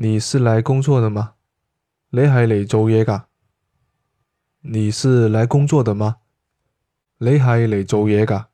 你是來工作的嗎？你係嚟做嘢噶？你是來工作的嗎？你係嚟做嘢噶？